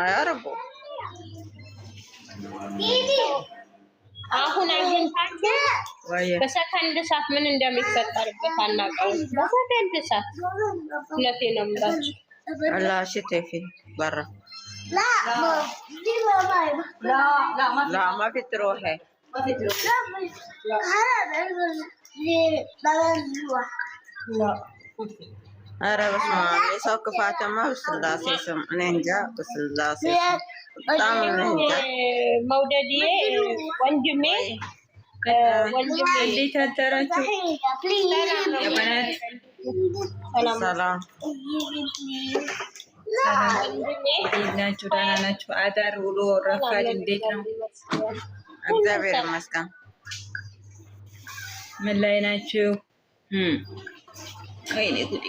አያረቡ አሁን አግኝታችሁ በሰከንድ እሳት ምን እንደሚፈጠርበት አናውቀውም። በሰከንድ እሳት እውነቴ ነው የምላችሁ። لا ኧረ በስመ አብ የሰው ክፋትማ በስላሴ ስም እኔ እንጃ። በስላሴ በጣም መውደድ ወንድሜ ወንድሜ እንዴት አደራችሁ? ናችሁ? ደህና ናችሁ? አዳር ውሎ ረፋድ እንዴት ነው? እግዚአብሔር ይመስገን። ምን ላይ ናችሁ? ወይኔ ጉዴ!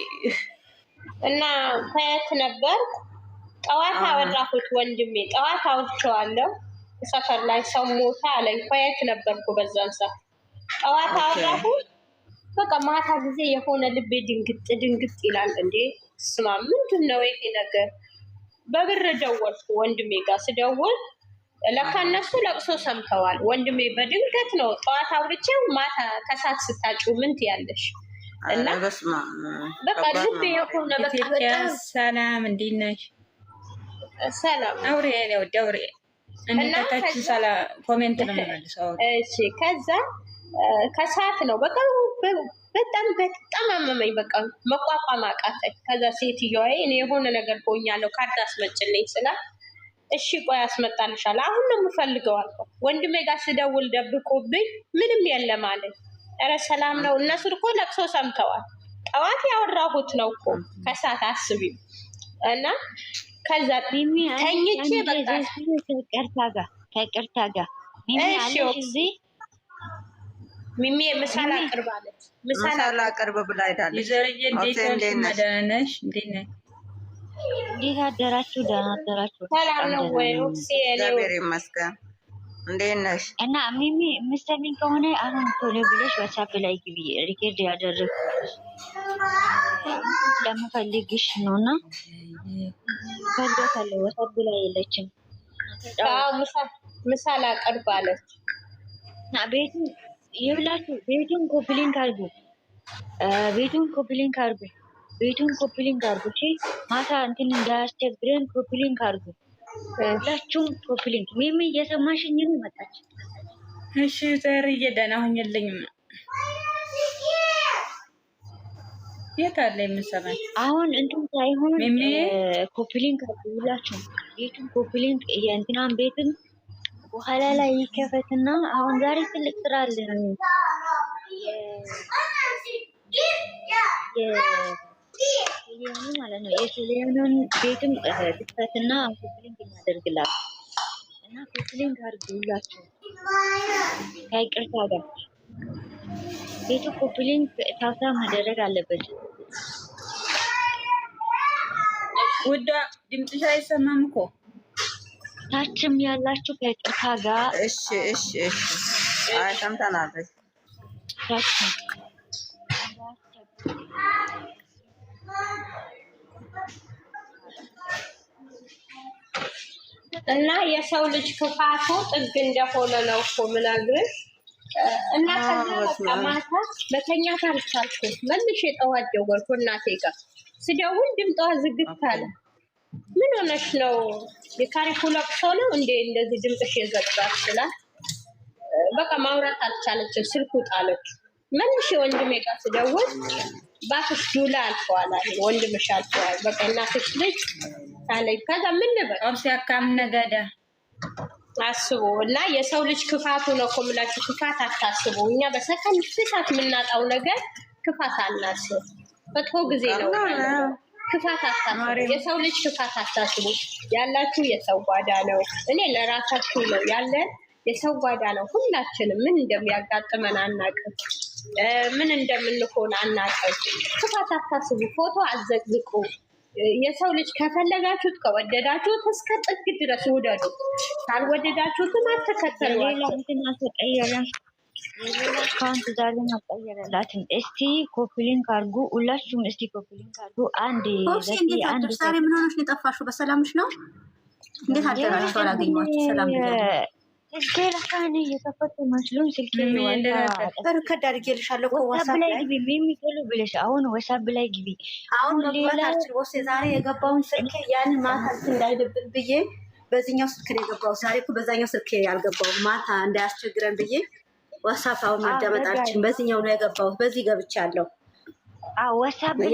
እና ከየት ነበር? ጠዋት አወራሁት ወንድሜ፣ ጠዋት አውርቼዋለሁ። ሰፈር ላይ ሰው ሞታ አለኝ። ከየት ነበርኩ በዛን ሰዓት? ጠዋት አወራሁት። በቃ ማታ ጊዜ የሆነ ልቤ ድንግጥ ድንግጥ ይላል። እንዴ ስማ፣ ምንድን ነው ይሄ ነገር? በብር ደወልኩ ወንድሜ ጋር ስደውል ለካ እነሱ ለቅሶ ሰምተዋል። ወንድሜ በድንገት ነው ጠዋት አውርቼው ማታ ከሳት ስታጩ ምን ትያለሽ እና በቃ ልብ የሆነ በቃ ሰላም፣ እንዴት ነሽ? ሰላም አውሬ ነው ደውሬ ኮሜንት ነው እሺ ከዛ ከሰዓት ነው በቃ በጣም በጣም አመመኝ። በቃ መቋቋም አቃተኝ። ከዛ ሴትዮዋ እኔ የሆነ ነገር ካርድ አስመጭልኝ እሺ ቆይ አስመጣልሻለሁ አሁን ነው የምፈልገው አልኳት። ወንድሜ ጋር ስደውል ደብቆብኝ ምንም የለም አለኝ። ኧረ ሰላም ነው። እነሱ እኮ ለቅሶ ሰምተዋል። ጠዋት ያወራሁት ነው እኮ ከሰዓት አስቢ እና ከዛ ተኝቼ በቃ ከቅርታ ጋር ሚሚ ምሳ ላቅርብ አለች። ምሳ ብላ ሄዳለች። እንዴት አደራችሁ? ደህና አደራችሁ? ሰላም ነው ወይ? እግዚአብሔር ይመስገን። እንዴት ነሽ? እና ሚሚ የምትሰሚኝ ከሆነ አሁን ቶሎ ብለሽ ዋትሳፕ ላይ ግቢ። ሪኬርድ ያደረግኩት ለምፈልግሽ ነው እና ፈልጋታለሁ። ዋትሳፕ ላይ የለችም። ምሳ ላቀርብ አለች እና ቤቱን ይብላችሁ። ቤቱን ኮፕሊንግ አርጉ። ቤቱን ኮፕሊንግ አርጉ። ቤቱን ኮፕሊንግ አርጉ። ማታ እንትን እንዳያስቸግረን ኮፕሊንግ አርጉ። ሁላችሁም ፕሮፊሊንግ ሚሚ እየሰማሽኝ ነው? መጣች። እሺ ዘርዬ ደህና ሁኝልኝማ። የት አለ የምሰማኝ? አሁን እንትን ሳይሆን ኮፒሊንክ ሁላችሁም ቤቱን ኮፒሊንክ የእንትናን ቤትን በኋላ ላይ ይከፈትና አሁን ዛሬ ትልቅ ስራ አለን የሶሊያናን ቤትም ልክፈትና ኮፕሊንግ እናደርግላት እና ኮፕሊንግ አድርጉላችሁ ከይቅርታ ጋር ቤቱ ኮፕሊንግ ታሳ መደረግ አለበት። ውዷ ድምፅሽ አይሰማም እኮ ታችም ያላችሁ ከይቅርታ ጋር እሺ፣ እሺ፣ እሺ። አይ ሰምተናል። ታችም እና የሰው ልጅ ክፋቱ ጥግ እንደሆነ ነው እኮ ምናግርሽ እና ከዛ ማታ በተኛት አልቻልኩም። መልሼ ጠዋት ደወልኩ እናቴ ጋር ስደውል ድምጧ ዝግት አለ። ምን ሆነሽ ነው? የካሪኩ ለቅሶ ነው እንዴ እንደዚህ ድምፅሽ የዘጋ ስላት በቃ ማውራት አልቻለችም። ስልኩ ጣለች። መልሼ ወንድሜ ጋር ስደውል ባትሽ ዱላ አልፈዋል፣ ወንድምሽ አልፈዋል። በቃ እናትሽ ልጅ አለኝ። ከዛ ምን ልበል ነገደ አስቡ እና የሰው ልጅ ክፋቱ ነው እኮ የምላችሁ። ክፋት አታስቡ። እኛ በሰከንድ የምናጣው ነገር ክፋት አናስብ። መጥፎ ጊዜ ነው። ክፋት አታስቡ። የሰው ልጅ ክፋት አታስቡ። ያላችሁ የሰው ጓዳ ነው። እኔ ለራሳችሁ ነው ያለን የሰው ጓዳ ነው። ሁላችንም ምን እንደሚያጋጥመን አናቅም፣ ምን እንደምንሆን አናቅም። ክፋት አታስቡ። ፎቶ የሰው ልጅ ከፈለጋችሁት ከወደዳችሁት እስከ ጥግ ድረስ ውደዱ። ካልወደዳችሁትም አትከተሏቸው። ካንት ዛሬ አልቀየረላትም። እስቲ ኮፕሊንግ አድርጉ ሁላችሁም፣ እስቲ ኮፕሊንግ አድርጉ። አንድ ዛሬ ምን ሆነሽ ነው የጠፋሽው? በሰላምሽ ነው? እንዴት አደራችሁ? አላገኘኋችሁ። ሰላም ስልኬ አድርጌልሻለሁ ላይ ግቢ የሚጥሉ ብለሽ አሁን ዋሳብ ላይ ግቢ። አሁን መግባታችን ዛሬ የገባውን ማታ እንዳይደብር ብዬ ስልክ ነው የገባው። ዛሬ በዛኛው ስልክ ያልገባው ማታ እንዳያስቸግረን ብዬ አሁን ነው በዚህ ገብቻለሁ።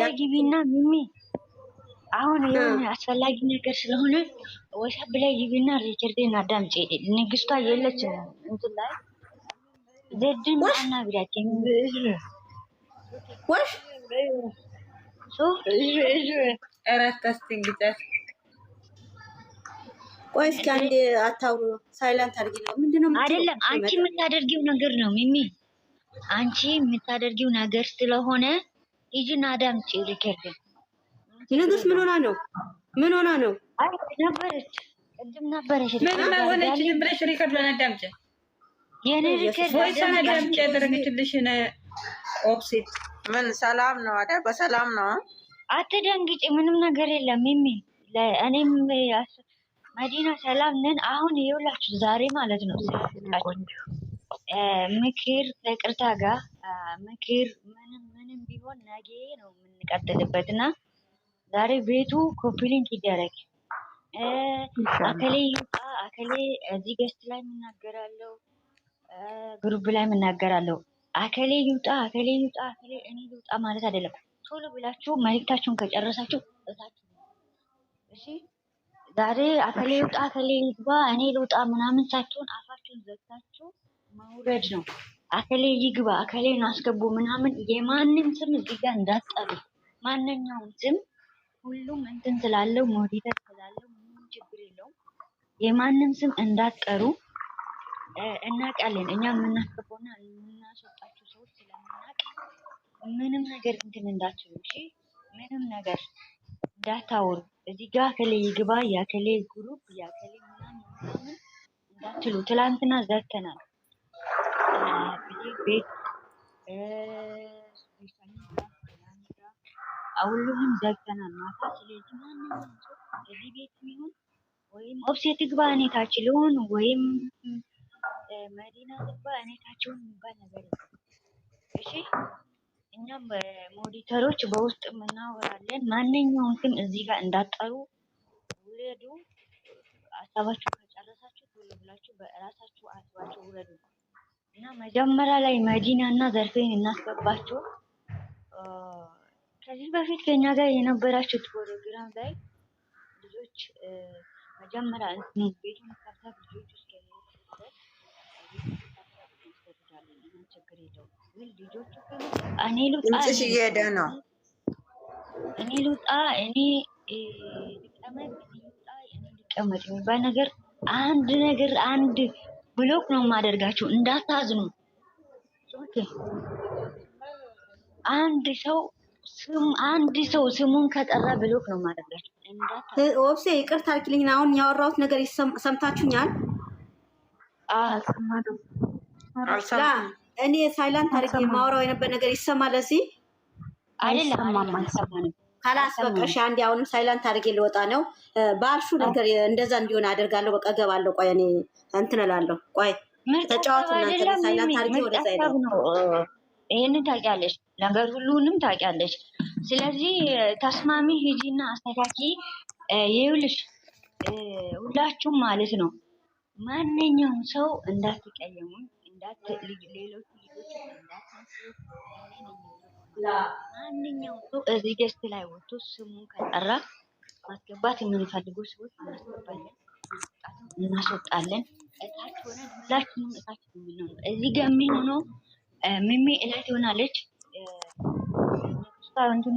ላይ ግቢና ሚሚ አሁን የሆነ አስፈላጊ ነገር ስለሆነ ወሳብ ላይ ይብና ሪከርዴን አዳምጪ። ንግስቷ የለች እንትን ላይ ዘድን ማና ብላችሁ ወሽ ቆይ እስኪ አንዴ አታውሩ። ሳይለንት አድርጊ ነው ምንድነው? አይደለም አንቺ የምታደርጊው ነገር ነው ሚሚ፣ አንቺ የምታደርጊው ነገር ስለሆነ ሂጂና አዳምጪ ሪከርዴን ልደት ምን ሆና ነው? ምን ሆና ነው? ነበረች ቅድም ነበረች። ምንም ብለሽ አዳምጪ። የኔ ሪከርድ አዳምጪ። ያደረገችልሽን ኦፕሲት ምን ሰላም ነው አይደል? በሰላም ነው። ምንም ነገር የለም። ሚሚ እኔም መዲና ሰላም ነን። አሁን ይኸውላችሁ ዛሬ ማለት ነው ምክር ከይቅርታ ጋር ምክር ምንም ምንም ቢሆን ነገ ነው የምንቀጥልበት እና ዛሬ ቤቱ ኮፒሊንክ ይደረግ፣ አከሌ ይውጣ፣ አከሌ እዚህ ገስት ላይ የምናገራለው፣ ግሩፕ ላይ የምናገራለው፣ አከሌ ይውጣ፣ አከሌ ይውጣ፣ አከሌ እኔ ይውጣ ማለት አይደለም። ቶሎ ብላችሁ መልእክታችሁን ከጨረሳችሁ እታችሁ እሺ። ዛሬ አከሌ ይውጣ፣ አከሌ ይግባ፣ እኔ ልውጣ ምናምን ሳትሆን አፋችሁን ዘግታችሁ መውረድ ነው። አከሌ ይግባ፣ አከሌን አስገቡ ምናምን የማንም ስም እዚህ ጋር እንዳትጠሩ፣ ማንኛውም ስም ሁሉም እንትን ስላለው ሞዴሬተር ስላለው ምንም ችግር የለውም። የማንም ስም እንዳትጠሩ እናውቃለን። እኛ የምናስገባውና የምናስወጣቸው ሰዎች ስለምናውቅ ምንም ነገር እንትን እንዳትሉ እሺ። ምንም ነገር እንዳታወሩ እዚህ ጋር ከሌ ይግባ ያከሌ ግሩፕ ያከሌ ምናምን ምናምን እንዳትሉ። ትላንትና ዘግተናል ቤት ሁሉንም ዘግተናል ማለት ነው። ስለዚህ ማንኛውም ሰው እዚህ ቤት ይሁን ወይም ኦፍሴት ግባ እኔ ታች ሊሆን ወይም መዲና ግባ እኔ ታች ሊሆን የሚባል ነገር የለም። እሺ እኛም ሞዲተሮች በውስጥ እናወራለን። ማንኛውም ግን እዚህ ጋር እንዳጠሩ ውለዱ። አሳባችሁ ከጨረሳችሁ ቶሎ ብላችሁ በራሳችሁ አስባችሁ ውለዱ እና መጀመሪያ ላይ መዲና እና ዘርፌን እናስገባቸው። ከዚህ በፊት ከኛ ጋር የነበራችሁት ፕሮግራም ላይ ልጆች መጀመሪያ ቤቱን ከፍታት ልጆች እኔ ልውጣ እየሄደ ነው። እኔ ልውጣ፣ እኔ ልቀመጥ፣ የሚባል ነገር አንድ ነገር አንድ ብሎክ ነው የማደርጋቸው። እንዳታዝኑ አንድ ሰው አንድ ሰው ስሙን ከጠራ ብሎክ ነው ማድረጋቸው። ኦብሴ ይቅርታ አድርጊልኝና አሁን ያወራሁት ነገር ሰምታችሁኛል? እኔ ሳይላንት አድርጌ የማወራው የነበር ነገር ይሰማል። እዚህ ካላስ በቀሽ አንድ አሁንም ሳይላንት አድርጌ ልወጣ ነው። በአልሹ ነገር እንደዛ እንዲሆን አደርጋለሁ። በቃ እገባለሁ። ቆይ እኔ እንትን እላለሁ። ቆይ ተጫዋቱ ሳይላንት አድርጌ ወደዛ ይለ ይህንን ታውቂያለሽ፣ ነገር ሁሉንም ታውቂያለሽ። ስለዚህ ተስማሚ ሂጂና አስተካኪ። ይኸውልሽ ሁላችሁም ማለት ነው ማንኛውም ሰው እንዳትቀየሙ እንዳት ሌሎች ልጆች ማንኛውም ሰው እዚህ ገስት ላይ ወጥቶ ስሙን ከጠራ ማስገባት የምንፈልጉ ሰዎች እናስገባለን፣ እናስወጣለን። እታች ሆነን ሁላችንም እታች ነው የምንሆነው እዚህ ጋር የሚሆነው ሚሚ እላይ ትሆናለች። እንትኑ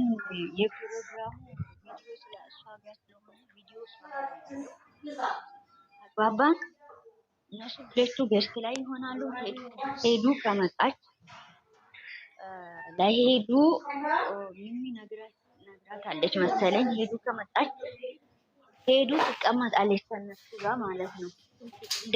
የፕሮግራሙ ቪዲዮ ስለ እሷ ጋር ስለሆነ ቪዲዮ እነሱ ሁለቱ ገስት ላይ ይሆናሉ። ሄዱ ከመጣች ለሄዱ ሚሚ ነግራታለች መሰለኝ። ሄዱ ከመጣች ሄዱ ትቀመጣለች ጋር ማለት ነው። እንደ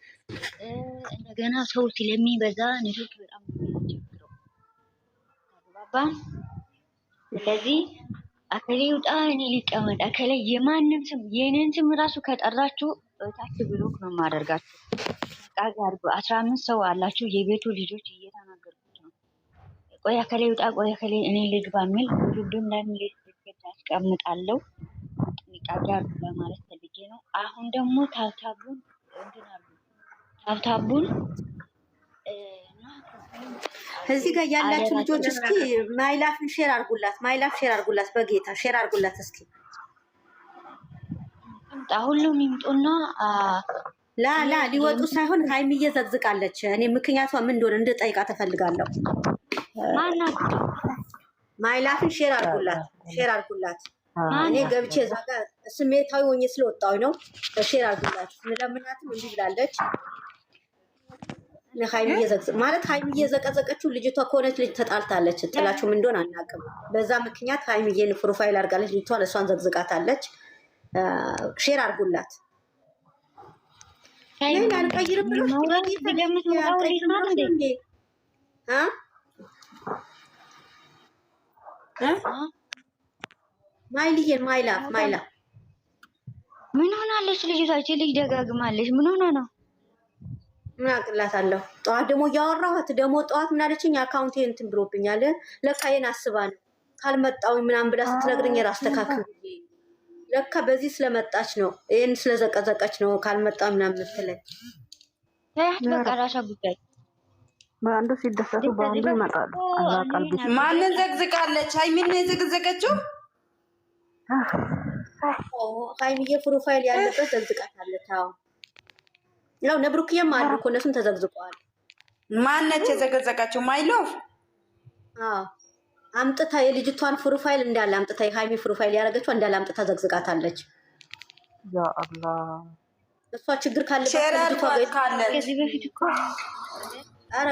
እንደገና ሰው ስለሚበዛ ኔትወርክ በጣም የሚያስቸግረው። ስለዚህ አከሌ ውጣ፣ እኔ ሊቀመጥ አከሌ የማንም ስም የኔን ስም ራሱ ከጠራችሁ ታች ብሎክ ነው የማደርጋችሁ። ቃዚ አድርጎ አስራ አምስት ሰው አላችሁ የቤቱ ልጆች እየተናገርኩት ነው። ቆይ አከሌ ውጣ፣ ቆይ አከሌ እኔ ልግባ የሚል ሁሉም ላይ ምልክት ያስቀምጣለሁ። ጥንቃቄ አድርጉ ለማለት ፈልጌ ነው። አሁን ደግሞ ታብታቡን እንትን ታብታቡን እዚህ ጋር ያላችሁ ልጆች እስኪ ማይላፍን ሼር አርጉላት፣ ማይላፍ ሼር አርጉላት፣ በጌታ ሼር አርጉላት። እስኪ ሁሉም ይምጡና ላ ላ ሊወጡ ሳይሆን ሀይሚዬ ዘግዝቃለች። እኔ ምክንያቷ ምን እንደሆነ እንድጠይቃ ተፈልጋለሁ። ማይላፍን ሼር አርጉላት፣ ሼር አርጉላት። እኔ ገብቼ እዛ ጋር ስሜታዊ ሆኜ ስለወጣሁ ነው። ሼር አርጉላት። ምለምናትም እንዲህ ብላለች ለሀይሚ ማለት ሀይሚ እየዘቀዘቀችው ልጅቷ ከሆነች ልጅ ተጣልታለች። ጥላችሁም እንደሆነ አናውቅም። በዛ ምክንያት ሀይሚዬን ፕሮፋይል አድርጋለች። ልጅቷን እሷን ዘቅዝቃታለች። ሼር አድርጉላት። አልቀይርም ብሎ ማይልዬን ማይላ ማይላ ምን ሆናለች? ልጅቷ ልጅ ደጋግማለች። ምን ሆና ነው? ምን አቅላታለሁ። ጠዋት ደግሞ እያወራሁት ደግሞ ጠዋት ምን አለችኝ? አካውንቴ እንትን ብሎብኛል፣ ለካዬን አስባ ነው ካልመጣሁኝ ምናምን ብላ ስትነግርኝ የራስ ተካክል ለካ በዚህ ስለመጣች ነው ይህን ስለዘቀዘቀች ነው ካልመጣው ምናምን ምትለኝ በቃራሻ ጉዳይ በአንዱ ሲደሰቱ በአንዱ ይመጣሉ። ማንን ዘግዝቃለች? ሀይሚን ነው የዘግዘቀችው። ሀይሚዬ ፕሮፋይል ያለበት ዘግዝቃታለች። አዎ ያው ነብሩክዬም አሉ እኮ እነሱም ተዘግዝቀዋል። ማነች የዘገዘጋቸው? ማይሎቭ አምጥታ የልጅቷን ፕሮፋይል እንዳለ አምጥታ የሀይሚ ፕሮፋይል ያደረገችው እንዳለ አምጥታ ዘግዝቃታለች። እሷ ችግር ካለበት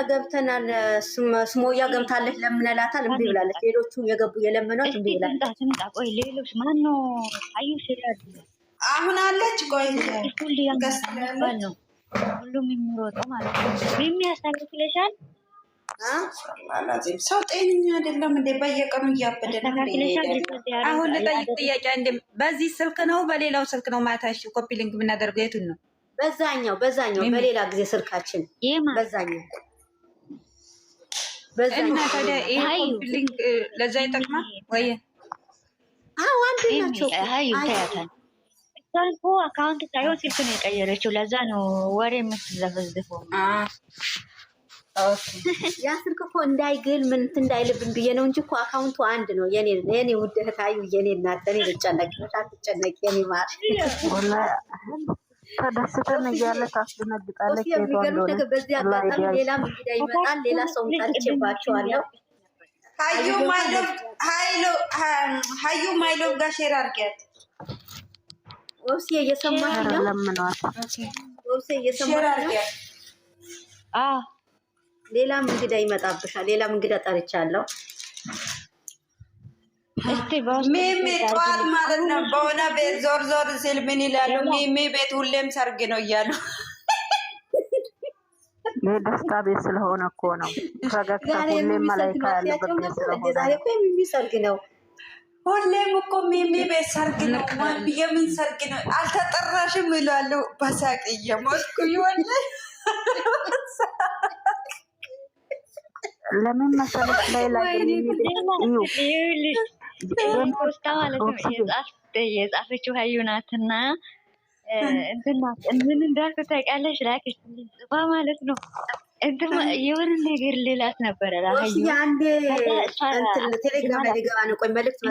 ገብተናል። ስሞያ ገብታለች። ለምንላታል እምቢ ብላለች። ሌሎቹ የገቡ የለመኗት እምቢ ብላለች። አሁን አለች ቆይ ነው ሁሉም የሚሮጠው ማለት ነው። የሚያስተካክለሻል ሰው ጤነኛ አይደለም እንዴ? በየቀኑ እያበደ አሁን ልጠይቅ ጥያቄ እንዴ፣ በዚህ ስልክ ነው በሌላው ስልክ ነው ማታሽ ኮፒ ሊንክ የምናደርገው የቱን ነው? በዛኛው በዛኛው፣ በሌላ ጊዜ ስልካችን በዛኛው ታዲያ ይሄ ኮፒ ሊንክ ለዛ ይጠቅማል ወይ? አንድ ናቸው። ሰልፎ አካውንት ሳይሆን ስልክ ነው የቀየረችው። ለዛ ነው ወሬ የምትዘፈዝፈው። ያ ስልክ እኮ እንዳይግል ምን እንዳይልብን ብዬ ነው እንጂ እኮ አካውንቱ አንድ ነው። የኔ የኔ ውድ እህታዩ፣ የኔ እናት፣ እኔ ልጨነቅ አትጨነቅ፣ የኔ ማር ተደስተን እያለ ታስደነግጣለች። ነገር በዚህ አጋጣሚ ሌላም እንግዳ ይመጣል። ሌላ ሰው ጠርቼባቸዋለሁ። ሀዩ ጋር ሼር አድርጊያት ወብሴ እየሰማሽ ነው? ወብሴ እየሰማሽ ነው? ሌላም እንግዳ ይመጣብሻል። ሌላም እንግዳ ጠርቻለሁ። ሚሚ ጠዋት ማለት ነው በሆነ ቤት ዞር ዞር ሲል ምን ይላሉ? ሚሚ ቤት ሁሌም ሰርግ ነው እያሉ የደስታ ቤት ስለሆነ እኮ ነው። ፈገግታ ሁሌም መላይካ ያለበት ቤት ስለሆነ ዛሬ ሰርግ ነው። ሁሌም እኮ ሚሚ ቤት ሰርግ ነው፣ የምን ሰርግ ነው አልተጠራሽም? ይላለው በሳቅ እየሞትኩ ይሆን። ለምን መሰለሽ ላይ ላይ ማለት ነው የጻፈችው ሀዩ ናትና እንትን ምን እንዳልኩት ታውቂያለሽ፣ ላከችልኝ ጽፋ ማለት ነው እንትማ የሆነ ነገር ልላት ነበረ። ቴሌግራም ላይ ልገባ ነው። ቆይ መልዕክት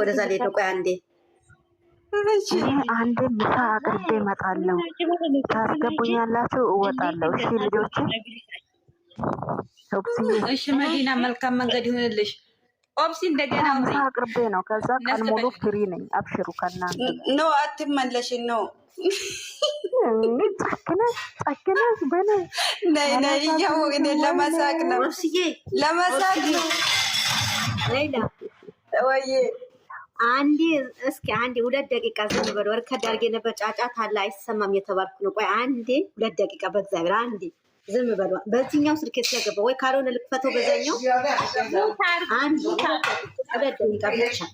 ወደዛ ቆይ አንዴ አንዴ ምሳ አቅርቤ እመጣለሁ። ታስገቡኛላችሁ? እወጣለሁ። እሺ ልጆች። እሺ መዲና፣ መልካም መንገድ ይሁንልሽ። ኦብሲ እንደገና ምሳ አቅርቤ ነው። ከዛ ቀን ሙሉ ፍሪ ነኝ። አብሽሩ ከእናንተ ነው። አትመለሽ ነው ጨክነሽ በነይ ነይ ነይ እያው እኔን ለመሳቅ ነው ለመሳቅ ነው። ወይ አንዴ እስኪ አንዴ ሁለት ደቂቃ ዝም በል። ወርከድ አድርጌ ነበር ጫጫታ አለ አይሰማም የተባልኩ ነው። ቆይ አንዴ ሁለት ደቂቃ በእግዚአብሔር አንዴ ዝም በል። በዚህኛው ስልክ ስለገባ ወይ ካልሆነ ልክፈተው በዛኛው አንድ ሁለት ደቂቃ ብቻ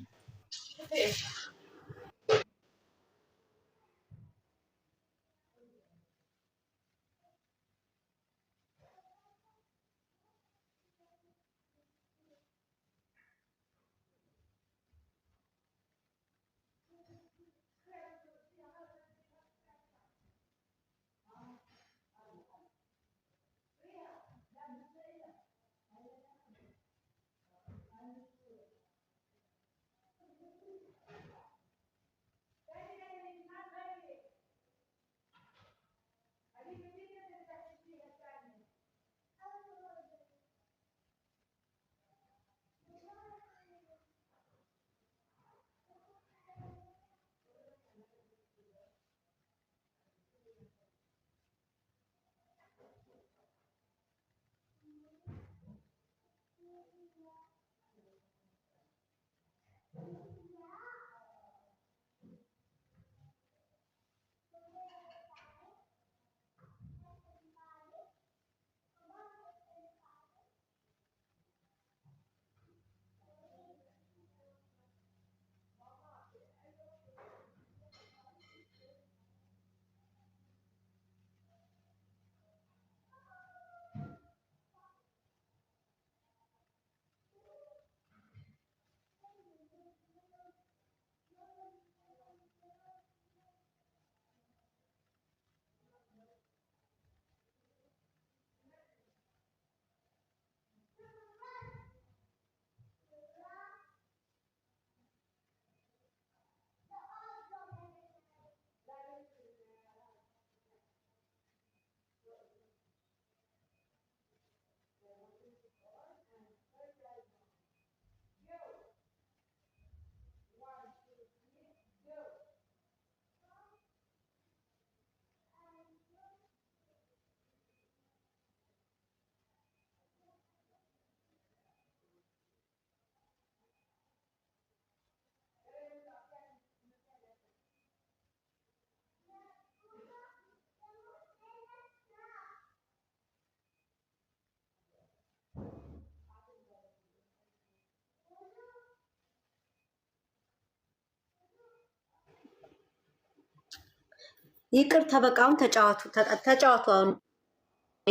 ይቅርታ፣ በቃ አሁን ተጫዋቱ ተጫዋቱ። አሁን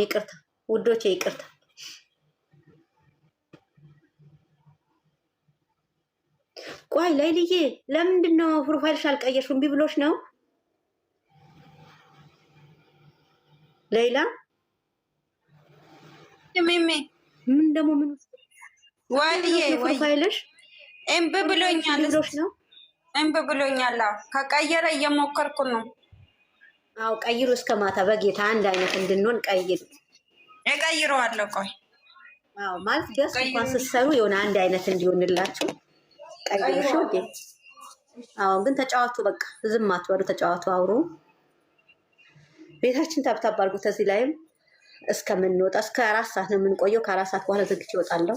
ይቅርታ ውዶቼ፣ ይቅርታ ቆይ ላይልዬ፣ ለምንድን ነው ፕሮፋይልሽ አልቀየርሽው? እምቢ ብሎሽ ነው? ሌላ ሚሚ ምን ደግሞ ምን ዋልዬ፣ ፕሮፋይልሽ እምቢ ብሎኛል ነው እምቢ ብሎኛል። ከቀየረ እየሞከርኩ ነው አዎ ቀይሩ፣ እስከ ማታ በጌታ አንድ አይነት እንድንሆን ቀይሩ። እቀይረዋለሁ። ቆይ አዎ፣ ማለት ደስ እንኳን ስትሰሩ የሆነ አንድ አይነት እንዲሆንላችሁ ቀይሩ። እሺ ውዴ። አዎ፣ ግን ተጫዋቱ፣ በቃ ዝም አትበሉ፣ ተጫዋቱ፣ አውሩ። ቤታችን ታብታብ አድርጉት። እዚህ ላይም እስከምንወጣ እስከ አራት ሰዓት ነው የምንቆየው። ከአራት ሰዓት በኋላ ዝግጅ ይወጣለሁ።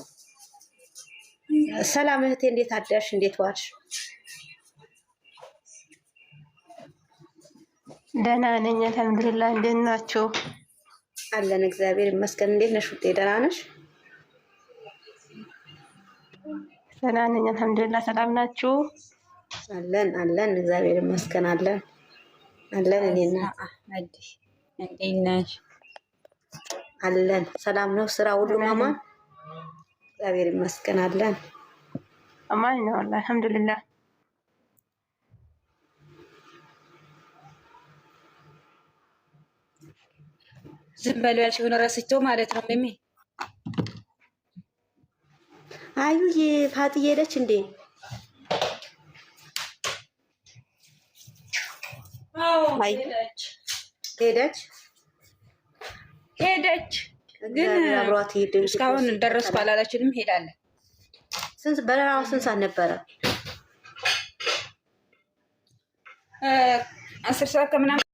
ሰላም እህቴ፣ እንዴት አደርሽ? እንዴት ዋልሽ? ደህና ነኝ፣ አልሐምዱሊላህ። እንዴት ናችሁ? አለን እግዚአብሔር ይመስገን። እንዴት ነሽ ውጤ? ደህና ነሽ? ደህና ነኝ፣ አልሐምዱሊላህ። ሰላም ናችሁ? አለን አለን፣ እግዚአብሔር ይመስገን። አለን አለን። እኔና አህመድ እንዴት ነሽ? አለን። ሰላም ነው? ስራ ሁሉም አማን? እግዚአብሔር ይመስገን። አለን አማን ነው፣ አልሐምዱሊላህ ዝም በለው ያልሽውን ረስቼው ማለት ነው። ሚሚ አዩ ፋጥዬ ሄደች እንዴ? ሄደች ሄደች፣ ግን እስካሁን ደረስኩ አላለችንም። ሄዳለን። በረራው ስንት ሰዓት ነበረ? አስር ሰዓት ከምናምን